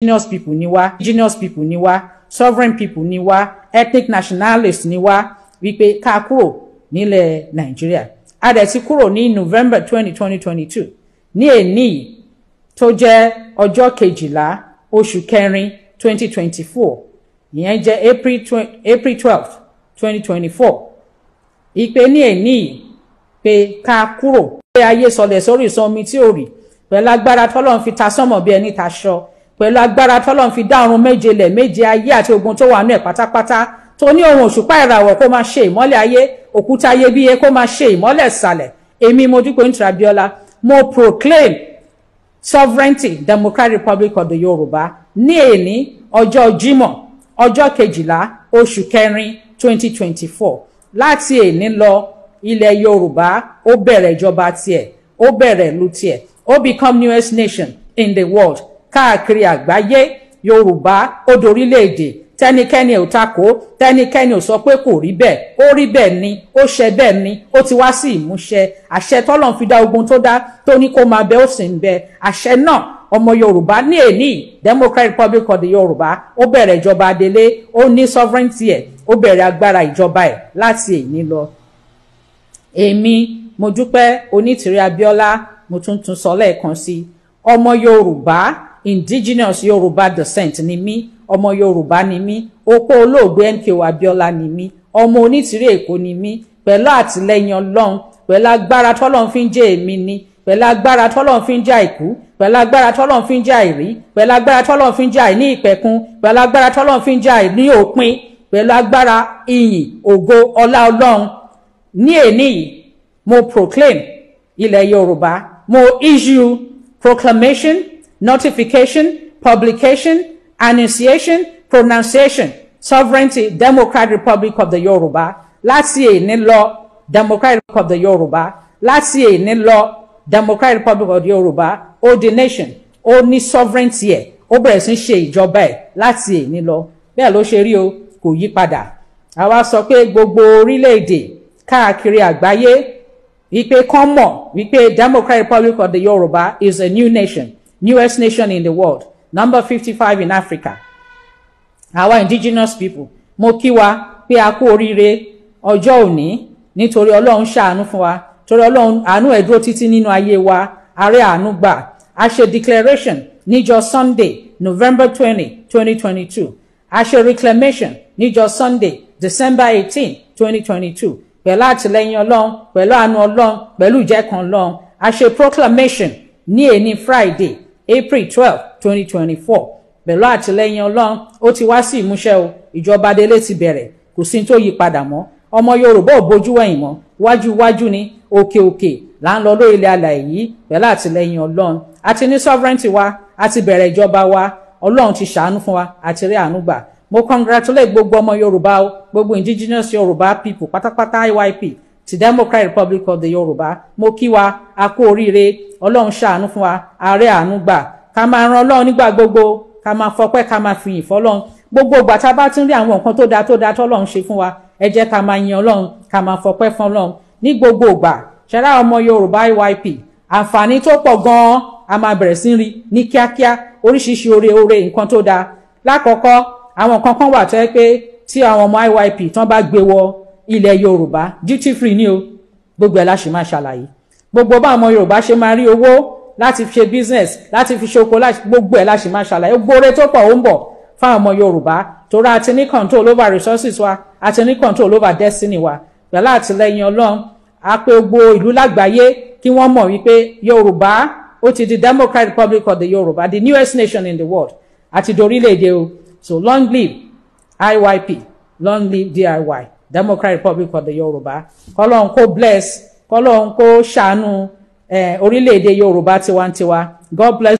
indigenous people ni wá indigenous people ni wá sovereign people ni wá ethnic nationalists ni wá wípé ká kúrò nílẹ̀ nàìjíríà a dẹ̀ ti kúrò ní november twenty twenty twenty two ní èní tó jẹ́ ọjọ́ kejìlá oṣù kẹrin twenty twenty four ìyẹn jẹ́ april april twelve twenty twenty four ìpè ní èní pé ká kúrò pé ayé sọlẹ̀ sórí ìsọmi tí ò rí pẹ̀lú agbára tọ́lọ́run fi ta sọ́mọ̀ bí ẹni ta ṣọ pẹ̀lú agbára tọ́lọ́n fi dá ọ̀run méje lẹ̀ méje ayé àti ogun tó wà nú ẹ̀ pátápátá tó ní ohun òṣùpá ìràwọ̀ kó máa ṣe ìmọ́lẹ̀ ayé òkúta ayébíyé kó máa ṣe ìmọ́lẹ̀ ìsàlẹ̀ èmi Modúpẹ́yìn Abíọ́lá mo proclaim sovereignty democratic republic of the Yorùbá ní èní ọjọ́ Jímọ̀ ọjọ́ kejìlá oṣù kẹrin twenty twenty four láti èní lọ ilẹ̀ Yorùbá ó bẹ̀rẹ̀ ìjọba tiẹ̀ ó bẹ̀rẹ̀ ìlú tiẹ̀ ó become newest nation in the world káàkiri àgbáyé yorùbá ó dorílẹ̀-èdè tẹnikẹ́ni ò takò tẹnikẹ́ni ò sọ pé kò rí bẹ́ẹ̀ ó rí bẹ́ẹ̀ ni ó ṣe bẹ́ẹ̀ ni ó ti wá sí ìmúṣẹ àṣẹ tọ́lọ́n fi dá ogun tó dá tó ní kó máa bẹ ó sì ń bẹ àṣẹ náà ọmọ yorùbá ní èní democratic republic of the yorùbá ó bẹ̀rẹ̀ ìjọba adelé ó ní sovereignty ẹ̀ ó bẹ̀rẹ̀ agbára ìjọba ẹ̀ láti èní lọ. èmi mo dúpẹ́ onítìrí abíọ́lá mo tún tún sọ lẹ́ẹ̀kan sí ọmọ yorùbá indigenous Yoruba descent ni mí ọmọ Yoruba ni mí opó olóògbé MKO Abiola ni mí ọmọ onítìrí èkó ni mí pẹ̀lú àtìlẹ́yìn ọlọ́run pẹ̀lú agbára tọ́lọ́run fi ń jẹ́ èmi ni pẹ̀lú agbára tọ́lọ́run fi ń jẹ́ àìkú pẹ̀lú agbára tọ́lọ́run fi ń jẹ́ àìrí pẹ̀lú agbára tọ́lọ́run fi ń jẹ́ àìní ìpẹ̀kun pẹ̀lú agbára tọ́lọ́run fi ń jẹ́ àìní òpin pẹ̀lú agbára ìyìn ògo ọlá ọlọ́run ní èní mo proclaim ilẹ̀ yorùbá mo issue proclamation notification, publication, annunciation, pronunciation, sovereignty, democratic republic of the Yorùbá láti èní lọ democratic republic of the Yorùbá láti èní lọ democratic republic of the Yoruba. ó di nation ó ní sovereignty ẹ̀ ó bẹ̀rẹ̀ sí ṣe ìjọba ẹ̀ láti èní lọ bẹ́ẹ̀ ló ṣe rí o kò yí padà àwa sọ pé gbogbo orílẹ̀-èdè káàkiri àgbáyé wípé kán mọ̀ wípé democratic republic of the Yoruba is a new nation newest nation in the world number fifty-five in Africa Our indigenous people mo kí wa pé a kú oríire ọjọ́ òní nítorí Ọlọ́run ṣàánú fún wa torí Ọlọ́run àánú ẹ̀ dúró títí nínú ayé wa ààrẹ àánú gbà a ṣe declaration níjọ́ Sunday November twenty twenty twenty two a ṣe reclamation níjọ́ Sunday December eighteen twenty twenty two pẹ̀lú àtìlẹ́yìn Ọlọ́run pẹ̀lú àánú Ọlọ́run pẹ̀lú ìjẹ́kan Ọlọ́run a ṣe proclamation ní èní Friday April twelve twenty twenty four pẹ̀lú àtìlẹ́yìn ọlọ́run ó ti wá sí ìmúṣẹ o ìjọba délé ti bẹ̀rẹ̀ kò sí tó yí padà mọ́ ọmọ Yorùbá ò bójú wẹ̀yìn mọ́ wájúwájú ni òkè òkè là ń lọ lórí ilẹ̀ alàyè yìí pẹ̀lú àtìlẹ́yìn ọlọ́run a ti ní sovereignty wa a ti bẹ̀rẹ̀ ìjọba wa ọlọ́run ti ṣàánú fún wa àti rí àánú gbà mo congratulate gbogbo ọmọ Yorùbá o gbogbo indigenous Yorùbá people pátápátá IYP ti Democratic Republic of the Yorùbá mo kí wa a kú oríire ọlọ́run ṣàánú fún wa ààrẹ àánú gbà ká máa ran ọlọ́run nígbà gbogbo ká máa fọpẹ́ ká máa fìyìn fọlọ́run gbogbo ìgbà tá a bá ti ń rí àwọn nǹkan tó dáa tó dáa tọ́lọ́run ṣe fún wa ẹ jẹ́ ká máa yin ọlọ́run ká máa fọpẹ́ fún ọlọ́run ní gbogbo ìgbà ṣẹlá ọmọ yorùbá YP àǹfààní tó pọ̀ gan-an a máa bẹ̀rẹ̀ sí rí ní kíákíá oríṣiríṣi oore oore nǹkan tó dáa lákọ̀ọ́kọ́ àwọn nǹkan kan wà tó pé tí àwọn ọmọ YYP tán bá gbé wọ ilẹ̀ yorùbá duty free ni o gbogbo ẹ̀ la máa ṣàlàyé gbogbo bá ọmọ yorùbá ṣe máa rí owó láti ṣe business láti fi ṣoko gbogbo ẹ̀ láti máa ṣàlàyé gbóore tó pọ̀ ó ń bọ̀ fáwọn ọmọ yorùbá torí a ní control over resources wa a ní control over destiny wa pẹ̀lú àtìlẹyìn ọlọ́run a pé gbogbo ìlú lágbàáyé kí wọ́n mọ̀ wípé yorùbá ó ti di democratic republic of the yorùbá the newest nation in the world àti dorílẹ̀-èdè o so long live iyp long live diy democratic republic of the yorùbá kọ́lọ́n kó bless kọ́lọ́hún kó ṣàánú eh, orílẹ̀-èdè yorùbá tiwantiwa god bless.